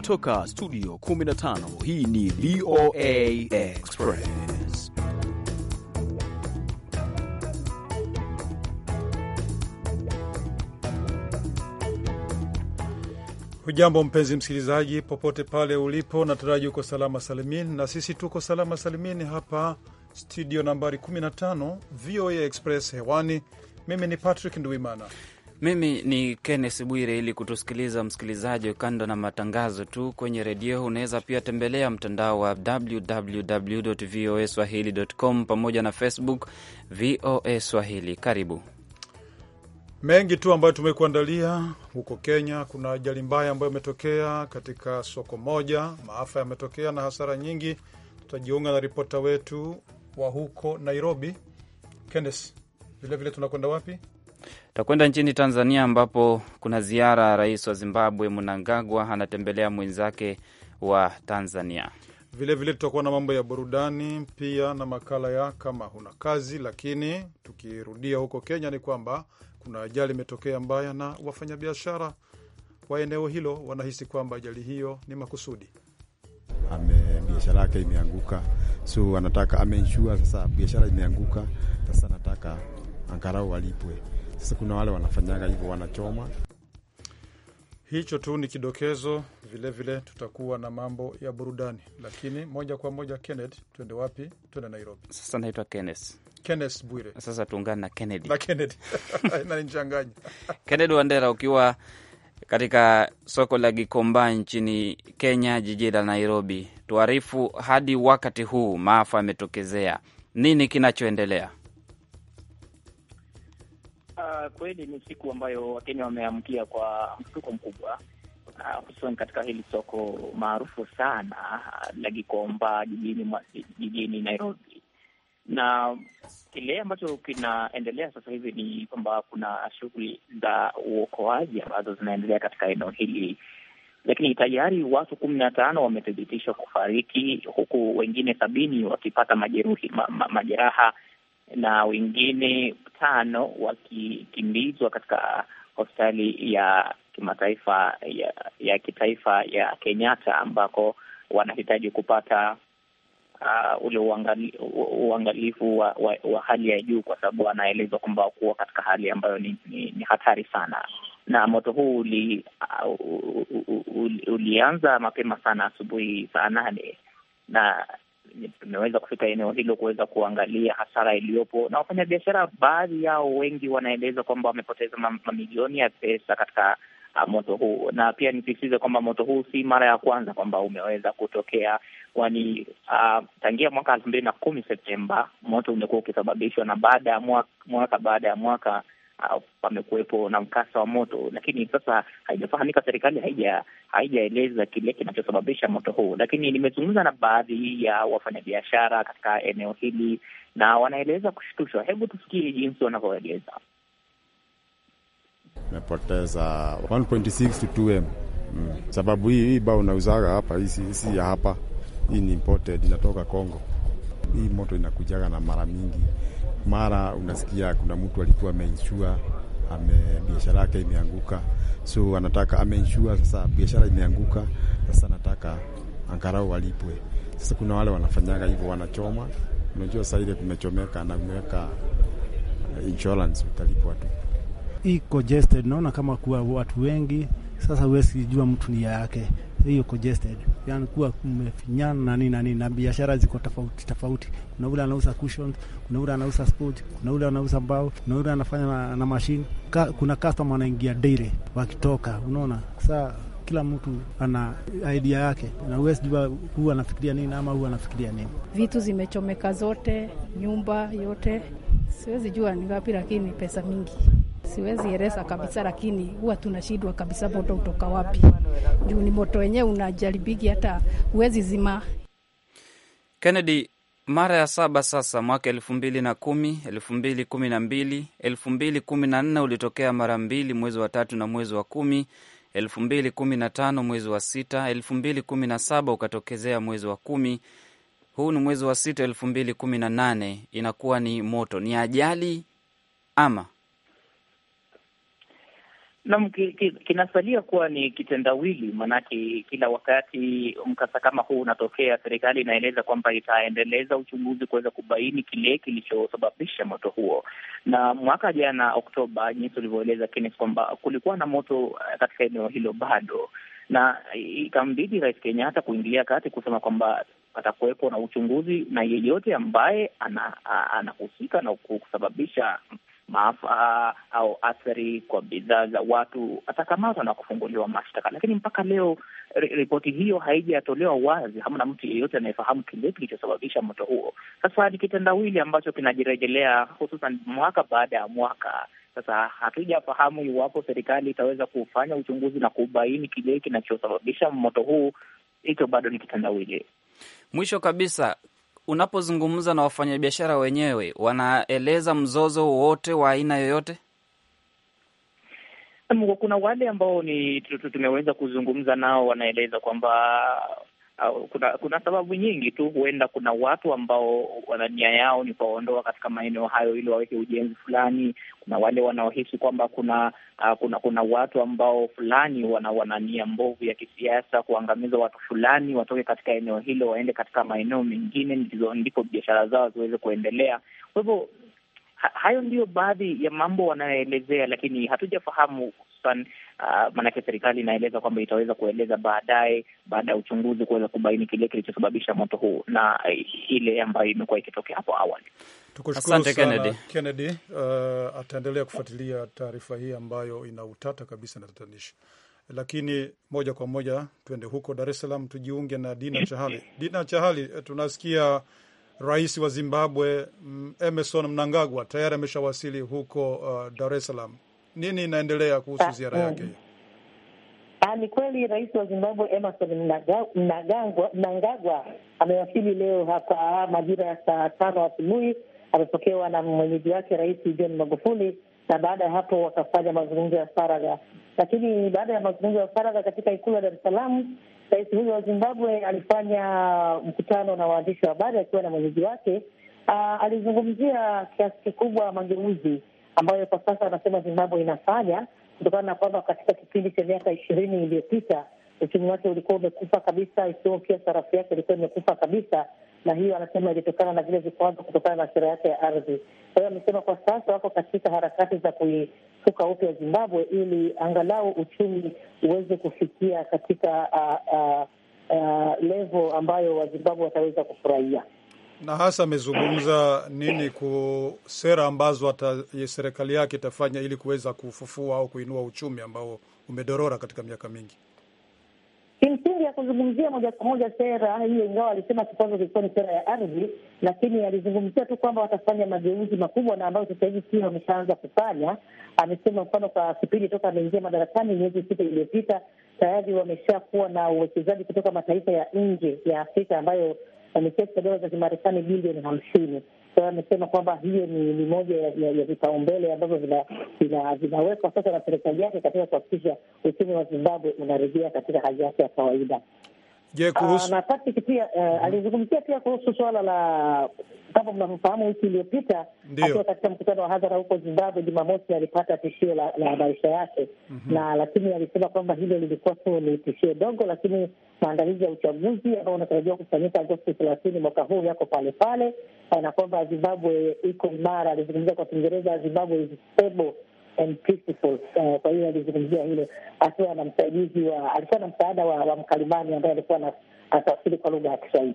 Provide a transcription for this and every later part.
kutoka studio 15 hii ni VOA Express. Hujambo mpenzi msikilizaji, popote pale ulipo, nataraji uko salama salimin na sisi tuko salama salimin hapa studio nambari 15 VOA Express hewani. Mimi ni Patrick Nduimana mimi ni kennes Bwire. Ili kutusikiliza msikilizaji, kando na matangazo tu kwenye redio, unaweza pia tembelea mtandao wa www voa swahili.com pamoja na Facebook VOA Swahili. Karibu mengi tu ambayo tumekuandalia. Huko Kenya kuna ajali mbaya ambayo imetokea katika soko moja, maafa yametokea na hasara nyingi. Tutajiunga na ripota wetu wa huko Nairobi, Kennes. Vilevile tunakwenda wapi? Takwenda nchini Tanzania ambapo kuna ziara ya rais wa Zimbabwe Mnangagwa anatembelea mwenzake wa Tanzania. Vilevile tutakuwa na mambo ya burudani pia na makala ya kama huna kazi. Lakini tukirudia huko Kenya, ni kwamba kuna ajali imetokea mbaya, na wafanyabiashara wa eneo hilo wanahisi kwamba ajali hiyo ni makusudi. Ame biashara yake imeanguka, so anataka ameinshua sasa, biashara imeanguka sasa, anataka angarau walipwe sasa kuna wale wanafanyaga hivyo, wanachoma. Hicho tu ni kidokezo, vilevile vile tutakuwa na mambo ya burudani, lakini moja kwa moja, Kenneth, tuende wapi? Tuende Nairobi. Sasa naitwa Kenneth Kenneth Bwire. Sasa tuungane na Kennedy na Kennedy Kennedy Wandera, ukiwa katika soko la Gikomba nchini Kenya, jiji la Nairobi, tuarifu hadi wakati huu maafa yametokezea, nini kinachoendelea? kweli ni siku ambayo Wakenya wameamkia kwa mshtuko mkubwa, hususan katika hili soko maarufu sana la Gikomba jijini, jijini Nairobi. Na kile ambacho kinaendelea sasa hivi ni kwamba kuna shughuli za uokoaji ambazo zinaendelea katika eneo hili, lakini tayari watu kumi na tano wamethibitishwa kufariki huku wengine sabini wakipata majeruhi ma, ma, majeraha na wengine tano wakikimbizwa katika hospitali ya kimataifa ya, ya kitaifa ya Kenyatta ambako wanahitaji kupata uh, ule uangali, uangalifu wa, wa, wa hali ya juu, kwa sababu wanaelezwa kwamba kuwa katika hali ambayo ni, ni, ni hatari sana. Na moto huu uli, uh, ulianza mapema sana asubuhi saa nane na imeweza kufika eneo hilo kuweza kuangalia hasara iliyopo, na wafanyabiashara baadhi yao wengi wanaeleza kwamba wamepoteza mamilioni ya pesa katika ah, moto huu. Na pia nisisitize kwamba moto huu si mara ya kwanza kwamba umeweza kutokea, kwani uh, tangia mwaka elfu mbili na kumi Septemba moto umekuwa ukisababishwa na baada ya mwaka, mwaka baada ya mwaka pamekuwepo na mkasa wa moto, lakini sasa haijafahamika, serikali haija haijaeleza kile kinachosababisha moto huu, lakini nimezungumza na baadhi ya wafanyabiashara katika eneo hili na wanaeleza kushtushwa. Hebu tusikie jinsi wanavyoeleza. Mepoteza 1.6 to 2m mm. Sababu hii hii bao unauzaga hapa, hii si ya hapa, hii ni imported, inatoka Kongo. Hii moto inakujaga na mara mingi mara unasikia kuna mtu alikuwa ameinsure ame biashara yake imeanguka, so anataka ameinsure sasa, biashara imeanguka sasa, anataka angarau walipwe. Sasa kuna wale wanafanyaga hivyo, wanachoma. Unajua sasa ile kumechomeka na umeweka insurance, utalipwa tu. Iko congested, naona kama kuwa watu wengi sasa, huwezi jua mtu ni yake hiyo congested, yani kuwa kumefinyana na nini na nini, na biashara ziko tofauti tofauti. Kuna ule anauza cushions, kuna ule anauza sport, kuna ule anauza mbao, kuna ule anafanya na, na machine. Ka, kuna customer anaingia daily wakitoka, unaona saa kila mtu ana idea yake, na huwezi jua huu anafikiria nini ama huu anafikiria nini. Vitu zimechomeka zote, nyumba yote siwezi jua ni wapi, lakini pesa mingi siwezi eleza kabisa, lakini huwa tunashindwa kabisa, moto utoka wapi, juu ni moto wenyewe unajaribiki, hata huwezi zima. Kennedy, mara ya saba sasa, mwaka elfu mbili na kumi, elfu mbili kumi na mbili, elfu mbili kumi na nne ulitokea mara mbili, mwezi wa tatu na mwezi wa kumi, elfu mbili kumi na tano mwezi wa sita, elfu mbili kumi na saba ukatokezea mwezi wa kumi huu ni mwezi wa sita elfu mbili kumi na nane inakuwa ni moto, ni ajali ama nam kinasalia kuwa ni kitendawili, maanake kila wakati mkasa kama huu unatokea, serikali inaeleza kwamba itaendeleza uchunguzi kuweza kubaini kile kilichosababisha moto huo. Na mwaka jana Oktoba, jinsi ulivyoeleza Kenneth, kwamba kulikuwa na moto eh, katika eneo hilo bado na ikambidi Rais Kenyatta kuingilia kati kusema kwamba patakuwepo na uchunguzi na yeyote ambaye anahusika ana na kusababisha maafa au athari kwa bidhaa za watu atakamatwa na kufunguliwa mashtaka. Lakini mpaka leo ripoti hiyo haijatolewa wazi. Hamna mtu yeyote anayefahamu kile kilichosababisha moto huo. Sasa ni kitendawili ambacho kinajirejelea hususan mwaka baada ya mwaka. Sasa hatujafahamu iwapo serikali itaweza kufanya uchunguzi na kubaini kile kinachosababisha moto huu. Hicho bado ni kitendawili. Mwisho kabisa, unapozungumza na wafanyabiashara wenyewe, wanaeleza mzozo wote wa aina yoyote? Kuna wale ambao ni tumeweza kuzungumza nao, wanaeleza kwamba kuna kuna sababu nyingi tu. Huenda kuna watu ambao wana nia yao ni kuwaondoa katika maeneo hayo ili waweke ujenzi fulani. Kuna wale wanaohisi kwamba kuna uh, kuna kuna watu ambao fulani wana wana nia mbovu ya kisiasa kuangamiza watu fulani, watoke katika eneo hilo waende katika maeneo mengine, ndipo biashara zao ziweze kuendelea. Kwa hivyo hayo ndiyo baadhi ya mambo wanayoelezea, lakini hatujafahamu hususan uh, maanake serikali inaeleza kwamba itaweza kueleza baadaye, baada ya uchunguzi kuweza kubaini kile kilichosababisha moto huu na uh, ile ambayo imekuwa ikitokea hapo awali. Tukushukuru sana Kennedy, Kennedy. Uh, ataendelea kufuatilia taarifa hii ambayo ina utata kabisa na tatanishi, lakini moja kwa moja tuende huko Dar es Salaam tujiunge na Dina Chahali. Dina Chahali, eh, tunasikia Rais wa Zimbabwe Emerson Mnangagwa tayari ameshawasili huko uh, Dar es Salaam nini inaendelea kuhusu ah, ziara yake? Mm. Ah, ni kweli rais wa Zimbabwe Emerson Mnangagwa amewasili leo hapa majira ya saa tano asubuhi. Amepokewa na mwenyeji wake Rais John Magufuli, na baada ya hapo wakafanya mazungumzo ya faragha. Lakini baada ya mazungumzo ya faragha katika ikulu ya Dar es Salaam, rais huyo wa Zimbabwe alifanya mkutano na waandishi wa habari akiwa na mwenyeji wake. Ah, alizungumzia kiasi kikubwa mageuzi ambayo kwa sasa anasema Zimbabwe inafanya kutokana na kwamba katika kipindi cha miaka ishirini iliyopita uchumi wake ulikuwa umekufa kabisa, ikiwemo pia sarafu yake ilikuwa imekufa kabisa, na hiyo anasema ilitokana na vile vikwazo kutokana na sera yake ya ardhi. Kwa hiyo amesema kwa sasa wako katika harakati za kuisuka upya Zimbabwe ili angalau uchumi uweze kufikia katika uh, uh, uh, levo ambayo Wazimbabwe wataweza kufurahia na hasa amezungumza nini ku sera ambazo serikali yake itafanya ili kuweza kufufua au kuinua uchumi ambao umedorora katika miaka mingi? Kimsingi ya kuzungumzia moja kwa moja sera hiyo, ingawa alisema kikwazo kilikuwa ni sera ya ardhi, lakini alizungumzia tu kwamba watafanya mageuzi makubwa na ambayo sasa hivi pia wameshaanza kufanya. Amesema mfano kwa kipindi toka ameingia madarakani miezi sita iliyopita tayari wameshakuwa na uwekezaji kutoka mataifa ya nje ya Afrika ambayo na kiasi cha dola za Kimarekani bilioni hamsini. Kwa hiyo amesema kwamba hiyo ni ni moja ya vipaumbele ambavyo vinawekwa sasa na serikali yake katika kuhakikisha uchumi wa Zimbabwe unarejea katika hali yake ya kawaida. Je, ah, kuhusu na Patrick pia uh, alizungumzia pia kuhusu swala la kama mnavyofahamu, wiki iliyopita akiwa katika mkutano wa hadhara huko Zimbabwe Jumamosi alipata tishio la, la maisha yake mm -hmm. na lakini alisema kwamba hilo lilikuwa tu ni tishio dogo, lakini maandalizi ya uchaguzi ambao unatarajiwa kufanyika Agosti thelathini mwaka huu yako pale pale, na kwamba Zimbabwe iko imara. Alizungumza kwa Kiingereza, Zimbabwe is stable and uh, Kwa hiyo alizungumzia hilo akiwa na msaidizi wa, alikuwa na msaada wa, wa mkalimani ambaye alikuwa anatafsiri kwa lugha ya Kiswahili.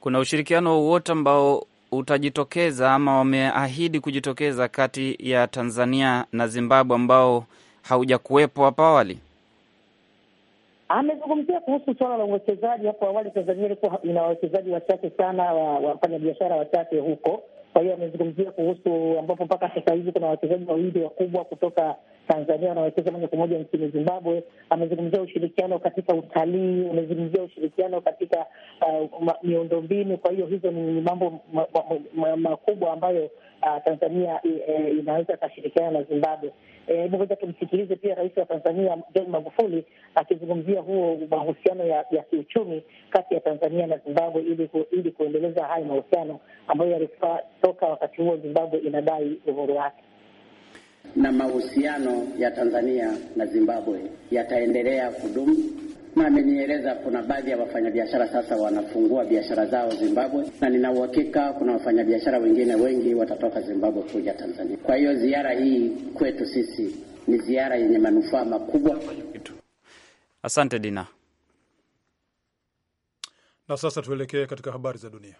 Kuna ushirikiano wowote ambao utajitokeza ama wameahidi kujitokeza kati ya Tanzania na Zimbabwe ambao haujakuwepo hapo awali? Amezungumzia kuhusu suala la uwekezaji. Hapo awali Tanzania ilikuwa ina wawekezaji wachache sana, wafanya biashara wachache huko kwa hiyo amezungumzia kuhusu ambapo mpaka sasa hivi kuna wawekezaji wawili wakubwa kutoka Tanzania wanawekeza moja kwa moja nchini Zimbabwe. Amezungumzia ushirikiano katika utalii, amezungumzia ushirikiano katika uh, miundombinu. Kwa hiyo hizo ni mambo makubwa ambayo uh, Tanzania eh, eh, inaweza ikashirikiana na Zimbabwe hebu eh, tumsikilize pia rais wa Tanzania John Magufuli akizungumzia huo mahusiano ya, ya kiuchumi kati ya Tanzania na Zimbabwe ili, ku, ili kuendeleza haya mahusiano ambayo yalikuwa toka wakati huo Zimbabwe inadai uhuru wake na mahusiano ya Tanzania na Zimbabwe yataendelea kudumu na amenieleza kuna baadhi ya wafanyabiashara sasa wanafungua biashara zao Zimbabwe, na nina uhakika kuna wafanyabiashara wengine wengi watatoka Zimbabwe kuja Tanzania. Kwa hiyo ziara hii kwetu sisi ni ziara yenye manufaa makubwa. Asante Dina, na sasa tuelekee katika habari za dunia.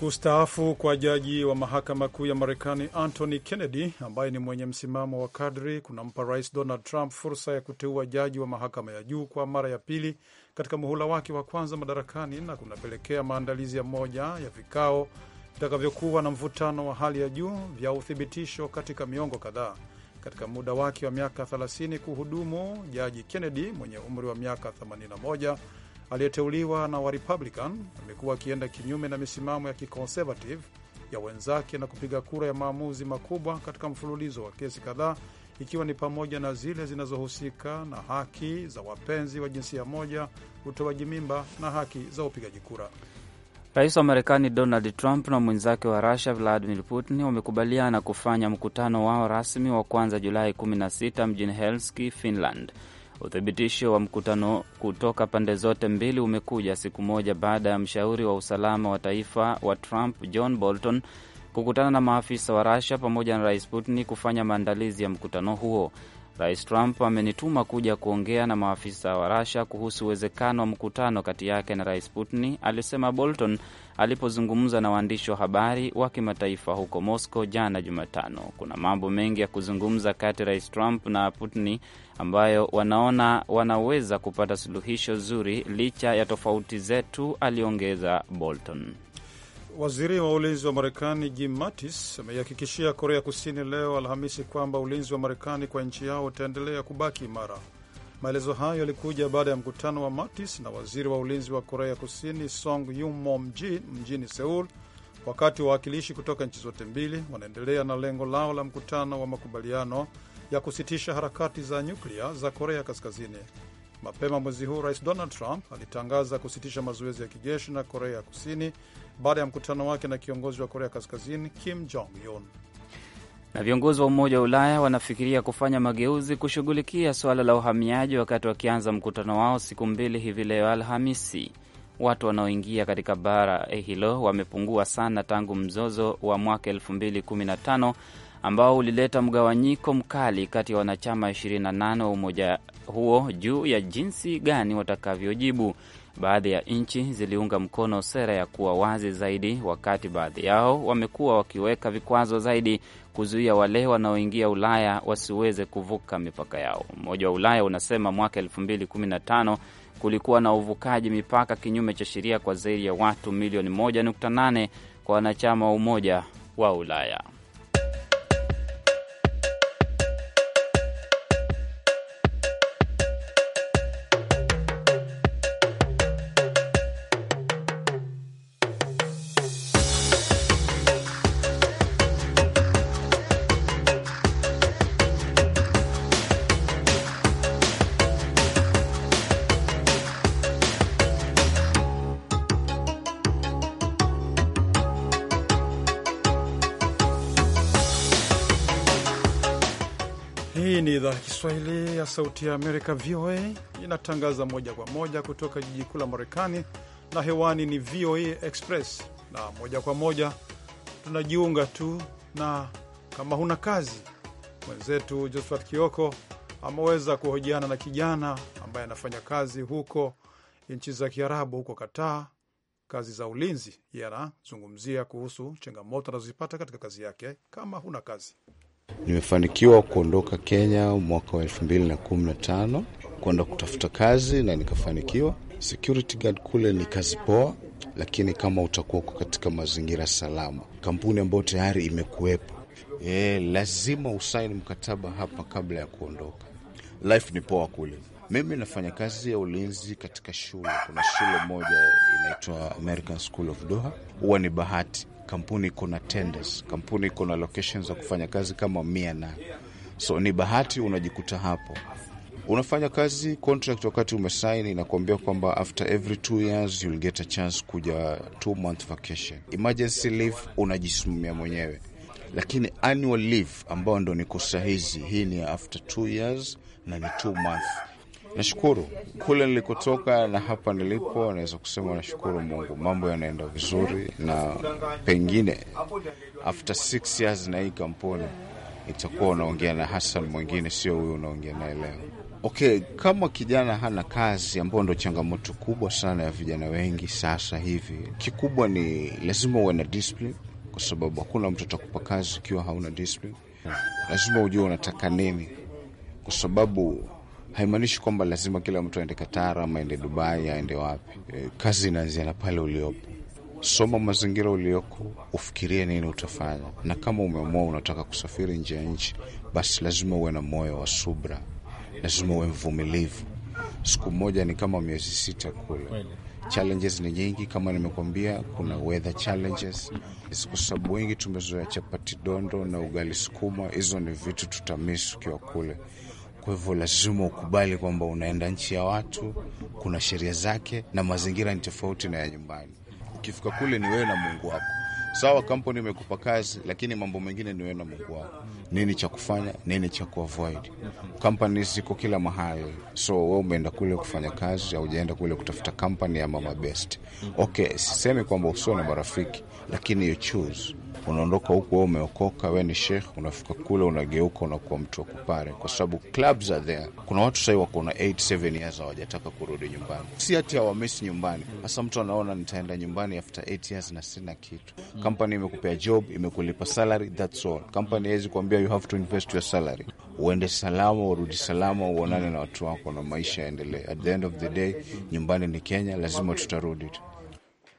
Kustaafu kwa jaji wa mahakama kuu ya Marekani Anthony Kennedy ambaye ni mwenye msimamo wa kadri kunampa Rais Donald Trump fursa ya kuteua jaji wa mahakama ya juu kwa mara ya pili katika muhula wake wa kwanza madarakani na kunapelekea maandalizi ya moja ya vikao vitakavyokuwa na mvutano wa hali ya juu vya uthibitisho katika miongo kadhaa. Katika muda wake wa miaka 30 kuhudumu, jaji Kennedy mwenye umri wa miaka 81 aliyeteuliwa na Warepublican amekuwa akienda kinyume na misimamo ya kiconservative ya wenzake na kupiga kura ya maamuzi makubwa katika mfululizo wa kesi kadhaa, ikiwa ni pamoja na zile zinazohusika na haki za wapenzi wa jinsia moja, utoaji mimba na haki za upigaji kura. Rais wa Marekani Donald Trump na mwenzake wa Rusia Vladimir Putin wamekubaliana kufanya mkutano wao rasmi wa kwanza Julai 16 mjini Helsinki, Finland. Uthibitisho wa mkutano kutoka pande zote mbili umekuja siku moja baada ya mshauri wa usalama wa taifa wa Trump John Bolton kukutana na maafisa wa Russia pamoja na Rais Putin kufanya maandalizi ya mkutano huo. Rais Trump amenituma kuja kuongea na maafisa wa rasha kuhusu uwezekano wa mkutano kati yake na Rais Putin, alisema Bolton alipozungumza na waandishi wa habari wa kimataifa huko Moscow jana Jumatano. Kuna mambo mengi ya kuzungumza kati ya Rais Trump na Putin ambayo wanaona wanaweza kupata suluhisho zuri licha ya tofauti zetu, aliongeza Bolton. Waziri wa ulinzi wa Marekani Jim Mattis ameihakikishia Korea Kusini leo Alhamisi kwamba ulinzi wa Marekani kwa nchi yao utaendelea kubaki imara. Maelezo hayo yalikuja baada ya mkutano wa Mattis na waziri wa ulinzi wa Korea Kusini Song Yumo mjini, mjini Seul, wakati wawakilishi kutoka nchi zote mbili wanaendelea na lengo lao la mkutano wa makubaliano ya kusitisha harakati za nyuklia za Korea Kaskazini. Mapema mwezi huu Rais Donald Trump alitangaza kusitisha mazoezi ya kijeshi na Korea ya Kusini baada ya mkutano wake na kiongozi wa Korea Kaskazini Kim Jong Un. Na viongozi wa Umoja wa Ulaya wanafikiria kufanya mageuzi kushughulikia suala la uhamiaji, wakati wakianza mkutano wao siku mbili hivi leo Alhamisi. Watu wanaoingia katika bara hilo wamepungua sana tangu mzozo wa mwaka 2015 ambao ulileta mgawanyiko mkali kati ya wanachama 28 wa umoja huo juu ya jinsi gani watakavyojibu. Baadhi ya nchi ziliunga mkono sera ya kuwa wazi zaidi, wakati baadhi yao wamekuwa wakiweka vikwazo zaidi kuzuia wale wanaoingia Ulaya wasiweze kuvuka mipaka yao. Umoja wa Ulaya unasema mwaka 2015 kulikuwa na uvukaji mipaka kinyume cha sheria kwa zaidi ya watu milioni 1.8 kwa wanachama wa Umoja wa Ulaya. Sauti ya Amerika, VOA, inatangaza moja kwa moja kutoka jiji kuu la Marekani, na hewani ni VOA Express. Na moja kwa moja tunajiunga tu na, kama huna kazi, mwenzetu Josephat Kioko ameweza kuhojiana na kijana ambaye anafanya kazi huko nchi za Kiarabu, huko Kataa, kazi za ulinzi. Yeye anazungumzia kuhusu changamoto anazozipata katika kazi yake. Kama huna kazi Nimefanikiwa kuondoka Kenya mwaka wa elfu mbili na kumi na tano kwenda kutafuta kazi na nikafanikiwa. Security guard kule ni kazi poa, lakini kama utakuwa uko katika mazingira salama, kampuni ambayo tayari imekuwepo e, lazima usaini mkataba hapa kabla ya kuondoka. Life ni poa kule. Mimi nafanya kazi ya ulinzi katika shule. Kuna shule moja inaitwa American School of Doha. Huwa ni bahati kampuni iko na tenders, kampuni iko na locations za kufanya kazi kama mia na so ni bahati unajikuta hapo unafanya kazi contract wakati umesaini inakuambia kwamba after every two years you'll get a chance kuja two month vacation. Emergency leave unajisimamia mwenyewe, lakini annual leave ambayo ndo niko sahizi, hii ni after two years na ni two month Nashukuru kule nilikotoka na hapa nilipo, naweza kusema nashukuru Mungu, mambo yanaenda vizuri, na pengine after six years na hii kampuni itakuwa unaongea na Hasan mwingine, sio huyu unaongea naye leo. Okay, kama kijana hana kazi, ambayo ndo changamoto kubwa sana ya vijana wengi sasa hivi, kikubwa ni lazima uwe na discipline, kwa sababu hakuna mtu atakupa kazi ukiwa hauna discipline. Lazima ujue unataka nini, kwa sababu haimaanishi kwamba lazima kila mtu aende Katara ama aende Dubai, aende wapi. E, kazi inaanzia na pale uliopo. Soma mazingira ulioko, ufikirie nini utafanya, na kama umeamua unataka kusafiri nje ya nchi, basi lazima uwe na moyo wa subra, lazima uwe mvumilivu. Siku moja ni kama miezi sita kule. Challenges ni nyingi, kama nimekuambia, kuna weather challenges, kwa sababu wengi tumezoea chapati dondo na ugali sukuma. Hizo ni vitu tutamisi ukiwa kule. Kwa hivyo lazima ukubali kwamba unaenda nchi ya watu, kuna sheria zake na mazingira ni tofauti na ya nyumbani. Ukifika kule ni wewe na Mungu wako. Sawa, kampuni imekupa kazi, lakini mambo mengine ni wewe na Mungu wako, nini cha kufanya, nini cha kuavoid. Kampani ziko kila mahali, so wewe umeenda kule kufanya kazi au ujaenda kule kutafuta kampani mama best. Okay, sisemi kwamba usio na marafiki, lakini you choose unaondoka huku, we umeokoka, we ni shekh, unafika kule unageuka, unakuwa mtu wa kupare, kwa sababu clubs are there. Kuna watu sahii wako na 8 7 years hawajataka kurudi nyumbani, si hati hawamisi nyumbani. Sasa mtu anaona nitaenda nyumbani after 8 years na sina kitu. Kampani imekupea job, imekulipa salary, that's all. Kampani hawezi kuambia you have to invest your salary. Uende salama, urudi salama, uonane na watu wako na maisha yaendelee. At the end of the day, nyumbani ni Kenya, lazima tutarudi.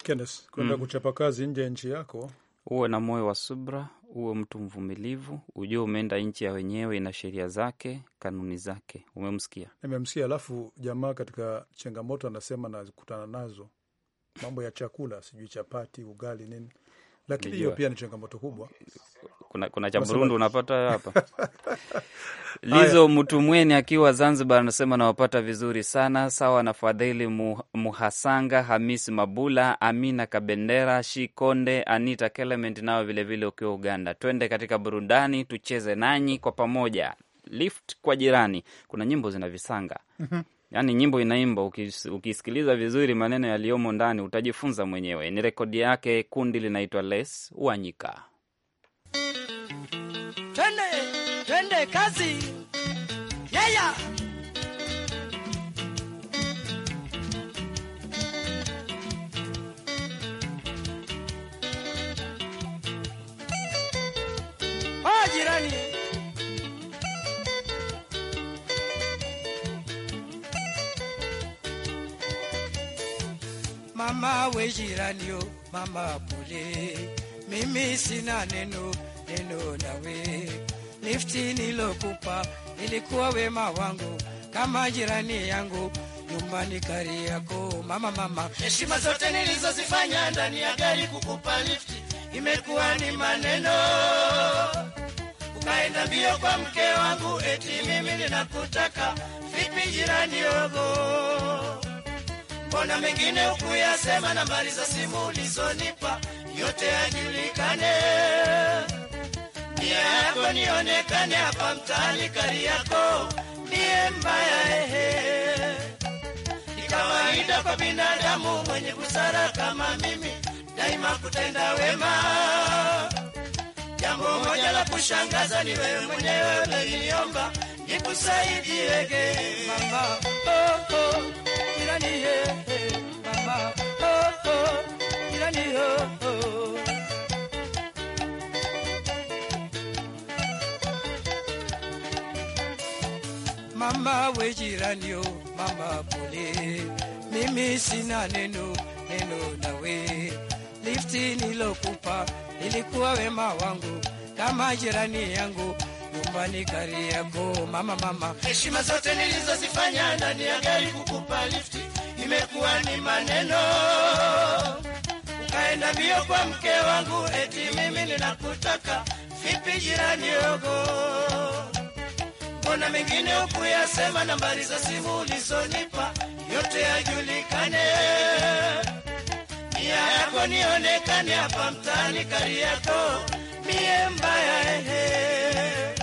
Kenneth, kwenda mm. kuchapa kazi nje ya nchi yako uwe na moyo wa subra, uwe mtu mvumilivu, ujue umeenda nchi ya wenyewe, ina sheria zake, kanuni zake. Umemsikia? Nimemsikia. Alafu jamaa katika changamoto anasema nazikutana nazo mambo ya chakula, sijui chapati, ugali, nini lakini hiyo pia ni changamoto kubwa. Kuna, kuna cha Burundi unapata hapa Lizo Mtumweni akiwa Zanzibar anasema nawapata vizuri sana sawa na Fadhili Muhasanga, Hamis Mabula, Amina Kabendera, Shikonde, Anita Kelement nao vilevile ukiwa Uganda. Twende katika burudani, tucheze nanyi kwa pamoja, lift kwa jirani. Kuna nyimbo zina visanga mhm yani nyimbo inaimba, ukisikiliza vizuri maneno yaliyomo ndani utajifunza mwenyewe. Ni rekodi yake, kundi linaitwa Les Wanyika. Twende twende kazi, yeah, yeah. mama we jirani, o mama pole, mimi sina neno neno nawe. Lifti nilokupa ilikuwa wema wangu, kama jirani yangu nyumbani kari yako mama, mama. Heshima zote nilizozifanya ndani ya gari kukupa lifti imekuwa ni maneno, ukaenda mbio kwa mke wangu, eti mimi ninakutaka vipi jirani yogo Mbona mengine ukuyasema, nambari za simu ulizonipa yote yajulikane, nia yako nionekane hapa mtaani yako ndiye mbaya ehe. Ni kawaida kwa binadamu mwenye busara kama mimi daima kutenda wema. Jambo moja la kushangaza ni wewe mwenyewe uliniomba nikusaidie, oh, oh, ilanihe eh. Mama we jirani yo, mama pole, mimi sina neno neno nawe. Lifti nilokupa ilikuwa wema wangu, kama jirani yangu nyumbani kari yako mama, mama, heshima zote nilizozifanya ndani ya gari kukupa lifti imekuwa ni maneno, ukaenda mbio kwa mke wangu, eti mimi ninakutaka vipi? Jirani yogo, mbona mengine ukuyasema? Nambari za simu ulizonipa yote yajulikane, nia yako nionekane hapa mtaani Kariakoo, mie mbaya ehe,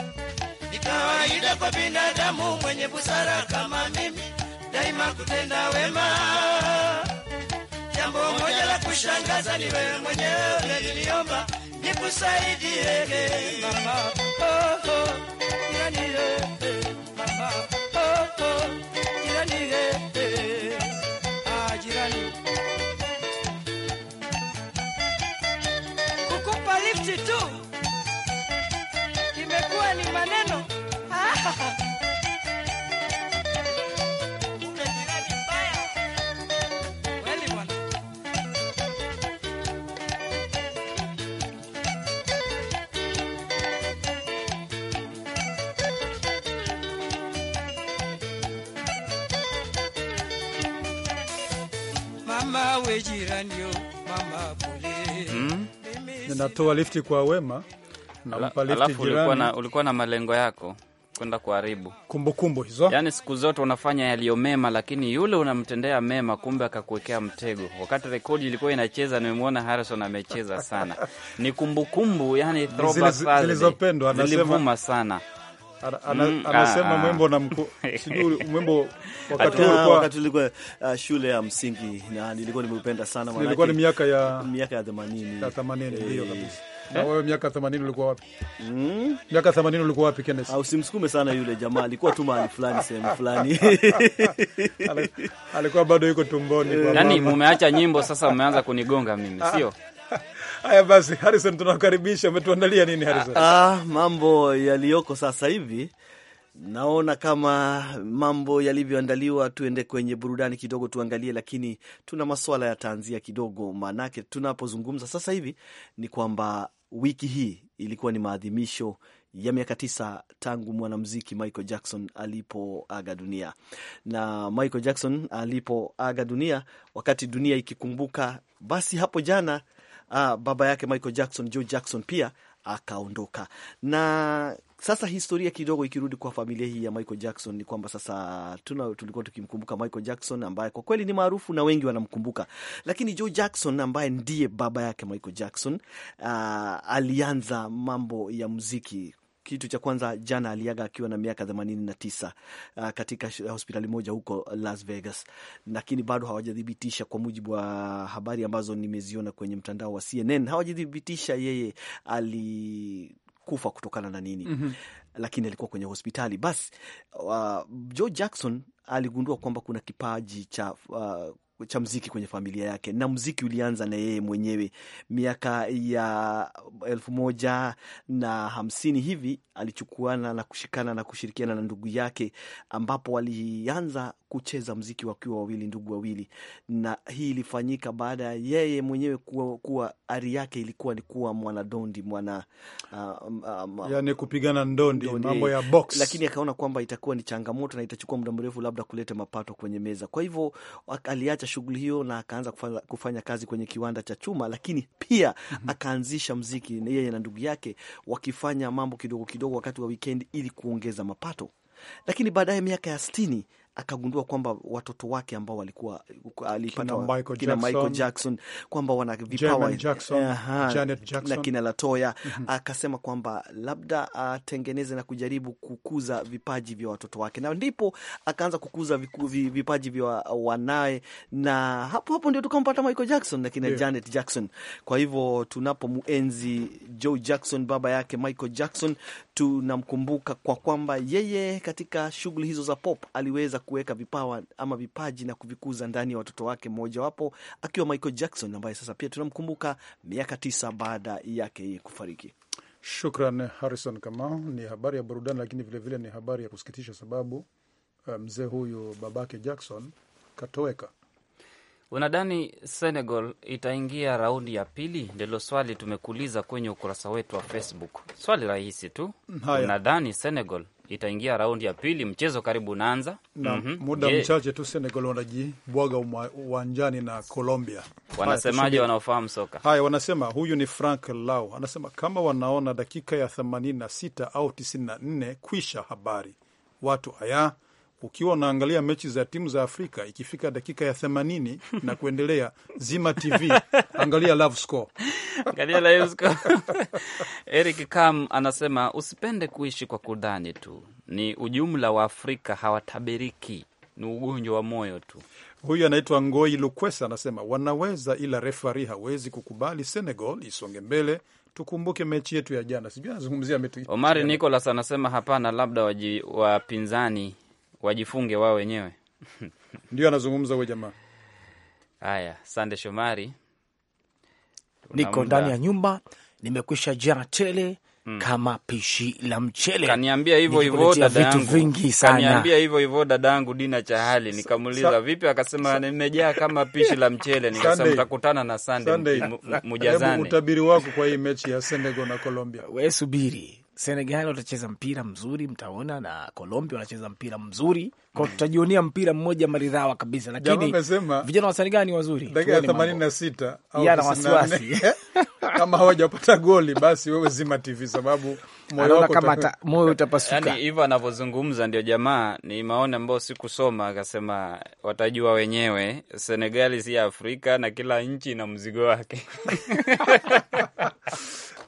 ni kawaida kwa binadamu mwenye busara kama mimi daima kutenda wema. Jambo moja la kushangaza ni wewe mwenyewe uliniomba nikusaidie mama, oh, oh, yani eh, mama, oh, oh, irani, eh, ah, jirani kukupa lifti tu imekuwa ni maneno Hmm? lifti kwa Wema nampa Ulikuwa na malengo yako kwenda kuharibu kumbukumbu hizo, yaani siku zote unafanya yaliyo mema, lakini yule unamtendea mema, kumbe akakuwekea mtego. Wakati rekodi ilikuwa inacheza, nimemwona Harrison amecheza sana, ni kumbukumbu, yani zilizopendwa, anasema sana Mm, ah, anasema ah. mwembo na mko sijui mwembo wakati ulikuwa wakati ulikuwa uh, shule ya msingi na nilikuwa nimeupenda sana maana ilikuwa ni miaka ya miaka ya 80 ya 80 eh. ndio kabisa. Eh? Na wewe miaka 80 ulikuwa wapi? Mm. Miaka 80 ulikuwa wapi Kenneth? Au simsukume sana yule jamaa alikuwa tu mahali fulani sehemu fulani. Alikuwa bado yuko tumboni kwa mama. Yaani mumeacha nyimbo sasa mmeanza kunigonga mimi, sio? Haya basi, Harison, tunakaribisha. Umetuandalia nini Harrison? Ah, ah, mambo yaliyoko sasa hivi Naona kama mambo yalivyoandaliwa, tuende kwenye burudani kidogo, tuangalie, lakini tuna maswala ya tanzia kidogo, maanake tunapozungumza sasa hivi ni kwamba wiki hii ilikuwa ni maadhimisho ya miaka tisa tangu mwanamuziki Michael Jackson alipoaga dunia. Na Michael Jackson alipoaga dunia, wakati dunia ikikumbuka, basi hapo jana uh, baba yake Michael Jackson, Joe Jackson pia akaondoka. Na sasa historia kidogo ikirudi kwa familia hii ya Michael Jackson ni kwamba sasa tuna, tulikuwa tukimkumbuka Michael Jackson ambaye kwa kweli ni maarufu na wengi wanamkumbuka, lakini Joe Jackson ambaye ndiye baba yake Michael Jackson uh, alianza mambo ya muziki kitu cha kwanza, jana aliaga akiwa na miaka 89 tisa uh, katika hospitali moja huko Las Vegas, lakini bado hawajathibitisha kwa mujibu wa habari ambazo nimeziona kwenye mtandao wa CNN, hawajathibitisha yeye alikufa kutokana na nini. mm -hmm. Lakini alikuwa kwenye hospitali. Basi uh, Joe Jackson aligundua kwamba kuna kipaji cha uh, cha mziki kwenye familia yake, na mziki ulianza na yeye mwenyewe miaka ya elfu moja na hamsini hivi. Alichukuana na kushikana na kushirikiana na ndugu yake, ambapo walianza kucheza mziki wakiwa wawili, ndugu wawili, na hii ilifanyika baada ya yeye mwenyewe kuwa, kuwa ari yake ilikuwa ni kuwa mwanadondi mwana, uh, um, um, um yani kupigana ndondi, mambo ya box, lakini akaona kwamba itakuwa ni changamoto na itachukua muda mrefu labda kuleta mapato kwenye meza, kwa hivyo aliacha akaacha shughuli hiyo na akaanza kufanya, kufanya kazi kwenye kiwanda cha chuma, lakini pia mm -hmm. akaanzisha mziki yeye na ndugu yake wakifanya mambo kidogo kidogo wakati wa wikendi ili kuongeza mapato. Lakini baadaye miaka ya sitini akagundua kwamba watoto wake ambao walikuwa alipata Michael, kina Michael Jackson kwamba wana vipawa eh, na kina Latoya mm -hmm. Akasema kwamba labda atengeneze na kujaribu kukuza vipaji vya watoto wake, na ndipo akaanza kukuza vipaji vya wanaye, na hapo hapo ndio tukampata Michael Jackson na kina yeah. Janet Jackson. Kwa hivyo tunapomuenzi Joe Jackson, baba yake Michael Jackson, tunamkumbuka kwa kwamba yeye katika shughuli hizo za pop aliweza kuweka vipawa ama vipaji na kuvikuza ndani ya watoto wake, mmojawapo akiwa Michael Jackson ambaye sasa pia tunamkumbuka miaka tisa baada yake kufariki. Shukran Harrison Kamau. Ni habari ya burudani, lakini vilevile vile ni habari ya kusikitisha, sababu eh, mzee huyu babake Jackson katoweka. Unadhani Senegal itaingia raundi ya pili? Ndilo swali tumekuuliza kwenye ukurasa wetu wa Facebook, swali rahisi tu. unadhani Senegal itaingia raundi ya pili, mchezo karibu unaanza na mm -hmm. muda yeah. mchache tu Senegal wanajibwaga uwanjani na Colombia. Wanasemaje wanaofahamu soka? Haya, wanasema huyu ni Frank Lau anasema kama wanaona dakika ya 86 au 94 kwisha, habari watu haya ukiwa unaangalia mechi za timu za Afrika ikifika dakika ya themanini na kuendelea, zima TV, angalia live score, angalia live score. Eric Kam anasema usipende kuishi kwa kudhani tu, ni ujumla wa Afrika hawatabiriki, ni ugonjwa wa moyo tu. Huyu anaitwa Ngoi Lukwesa anasema wanaweza, ila refari hawezi kukubali Senegal isonge mbele. Tukumbuke mechi yetu ya jana, sijui anazungumzia Omari Nicolas anasema hapana, labda wapinzani wajifunge wao wenyewe ndio anazungumza huyo jamaa. Haya, sande Shomari, niko ndani ya nyumba nimekwisha jaa tele Hmm. Kama pishi la mchele. Kaniambia hivyo hivyo dada yangu, vitu vingi sana. Kaniambia hivyo hivyo dada yangu Dina Chahali, nikamuuliza vipi, akasema nimejaa kama pishi la mchele. Nikasema mtakutana na Sunday mjazane. Utabiri wako kwa hii mechi ya Senegal na Colombia, wewe subiri Senegal watacheza mpira mzuri, mtaona na Colombia wanacheza mpira mzuri kwao, tutajionia mpira mmoja maridhawa kabisa, lakini vijana wa Senegal ni wazuri. Dakika themanini na sita wasiwasi kama hawajapata goli basi wewe zima TV sababu moyo kama moyo yaani utapasuka. Yani hivyo anavyozungumza, ndio jamaa, ni maoni ambayo sikusoma, akasema watajua wenyewe, Senegali si Afrika na kila nchi ina mzigo wake.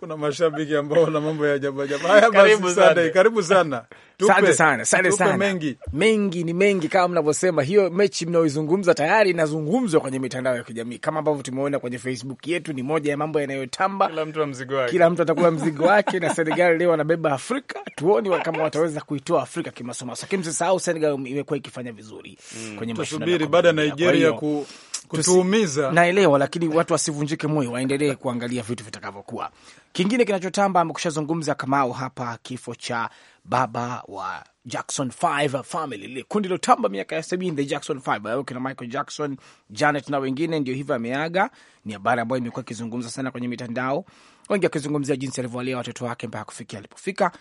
Kuna mashabiki ambao wana mambo ya ajabu ajabu. Haya basi, Sunday, karibu sana, asante sana, asante sana. Mengi mengi ni mengi, kama mnavyosema, hiyo mechi mnaoizungumza tayari inazungumzwa kwenye mitandao ya kijamii kama ambavyo tumeona kwenye Facebook yetu, ni moja ya mambo yanayotamba. Kila mtu ana mzigo wake, kila mtu atakula mzigo wake na Senegal leo wanabeba Afrika, tuoni kama wataweza kuitoa Afrika kimasomaso. Lakini msisahau Senegal um, imekuwa ikifanya vizuri mm, kwenye mashindano baada ya Nigeria ku kutuumiza naelewa, lakini watu wasivunjike moyo, waendelee kuangalia vitu vitakavyokuwa. Kingine kinachotamba amekushazungumza Kamau hapa, kifo cha baba wa Jackson 5 family, lile kundi lilotamba miaka ya sabini, the Jackson 5 kina Michael Jackson, Janet na wengine, ndio hivyo ameaga. Ni habari ambayo imekuwa ikizungumza sana kwenye mitandao, wengi wakizungumzia jinsi alivyowalea watoto wake mpaka kufikia alipofika.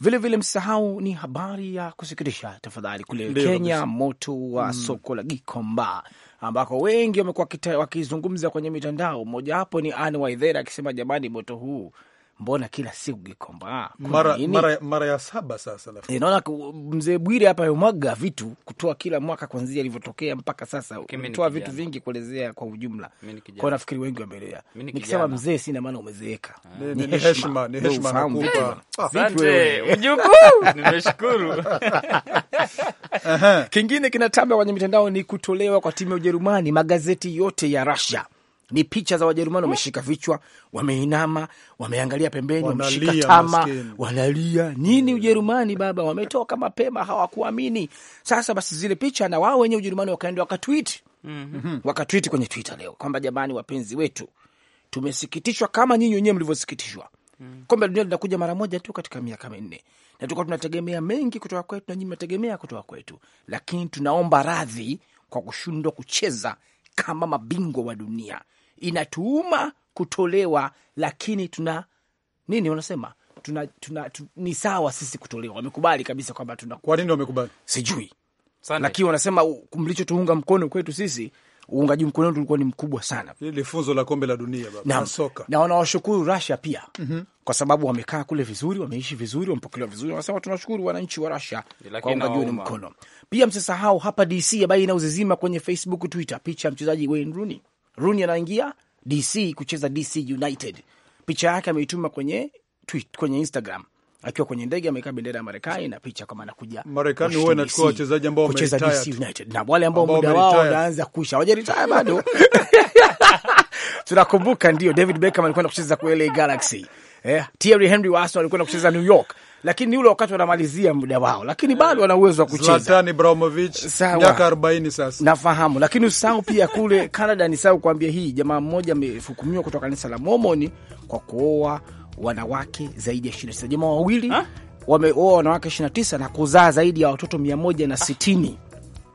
Vilevile msahau ni habari ya kusikitisha tafadhali, kule Leo Kenya kabisa, moto wa mm. soko la Gikomba ambako wengi wamekuwa wakizungumza kwenye mitandao. Mmojawapo ni Anne Waithera akisema jamani, moto huu mbona kila siku Gikomba ah, mara, mara, mara ya saba sasa. E, naona mzee Bwire hapa amemwaga vitu kutoa kila mwaka kwanzia ilivyotokea mpaka sasa, kutoa vitu vingi kuelezea kwa ujumla, kwa nafikiri wengi wameelewa. Nikisema mzee, sina maana umezeeka, ah. ni heshima, ni heshima. Ah, Asante mjukuu, nimeshukuru. Kingine kinatamba kwenye mitandao ni kutolewa kwa timu ya Ujerumani magazeti yote ya Russia ni picha za Wajerumani eh? wameshika vichwa, wameinama, wameangalia pembeni, wameshika tama, wanalia nini? Mm. Ujerumani baba, wametoka mapema, hawakuamini. Sasa basi zile picha na wao wenyewe Ujerumani wakaenda wakatwit, mhm. mm-hmm. wakatwit kwenye Twitter leo kwamba jamani, wapenzi wetu, tumesikitishwa kama nyinyi wenyewe mlivyosikitishwa mm. kombe la dunia linakuja mara moja tu katika miaka minne, na tulikuwa tunategemea mengi kutoka kwetu, na nyinyi mnategemea kutoka kwetu, lakini tunaomba radhi kwa kushindwa kucheza kama mabingwa wa dunia inatuuma kutolewa, lakini tuna nini wanasema tuna, tuna, tuna, ni sawa sisi kutolewa. Wamekubali kabisa kwamba tuna, kwa nini wamekubali sijui, lakini wanasema mlichotuunga mkono kwetu sisi uungaji mkono wetu ulikuwa ni mkubwa sana. Ile funzo la kombe la dunia baba na soka, na wanawashukuru Russia pia mm -hmm. kwa sababu wamekaa kule vizuri, wameishi vizuri, wamepokelewa vizuri. Wanasema tunashukuru wananchi wa Russia kwa uungaji mkono. Pia msisahau hapa DC, ina uzizima kwenye Facebook, Twitter, picha ya mchezaji Wayne Rooney Rooney anaingia DC kucheza DC United. Picha yake ameituma kwenye tweet, kwenye Instagram akiwa kwenye ndege amekaa bendera ya Marekani na picha kama anakuja Marekani. Huwa inachukua wachezaji ambao wamecheza DC United na wale ambao muda wao wanaanza kuisha, hawajaritaya bado tunakumbuka, ndio David Beckham alikwenda kucheza kwa LA Galaxy. Eh, Thierry Henry wa Arsenal alikwenda kucheza New York lakini ni ule wakati wanamalizia muda wao, lakini eh, bado wana uwezo wa kucheza. Zlatan Ibrahimovic miaka 40 sasa, nafahamu. Lakini usahau pia kule Canada, nisahau kuambia hii, jamaa mmoja amefukumiwa kutoka kanisa la Momoni kwa kuoa wanawake zaidi ya 29. Jamaa wawili wameoa wanawake 29 na kuzaa zaidi ya watoto 160 ah.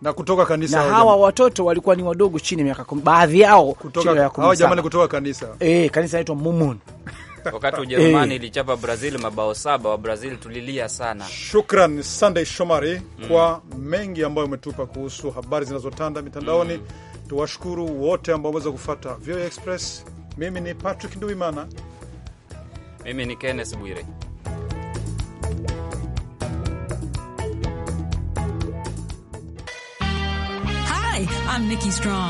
na kutoka kanisa na hawa Watoto walikuwa ni wadogo chini ya miaka kumi, baadhi yao kutoka, chini ya jamani kutoka kanisa eh, kanisa inaitwa Mormon wakati Ujerumani ilichapa Brazil mabao saba, wa Brazil tulilia sana. Shukran Sunday Shomari mm. kwa mengi ambayo umetupa kuhusu habari zinazotanda mitandaoni mm. Tuwashukuru wote ambao wameweza kufata VOA Express. Mimi ni Patrick Nduimana, mimi ni Kenneth Bwire. Hi, I'm Nikki Strong.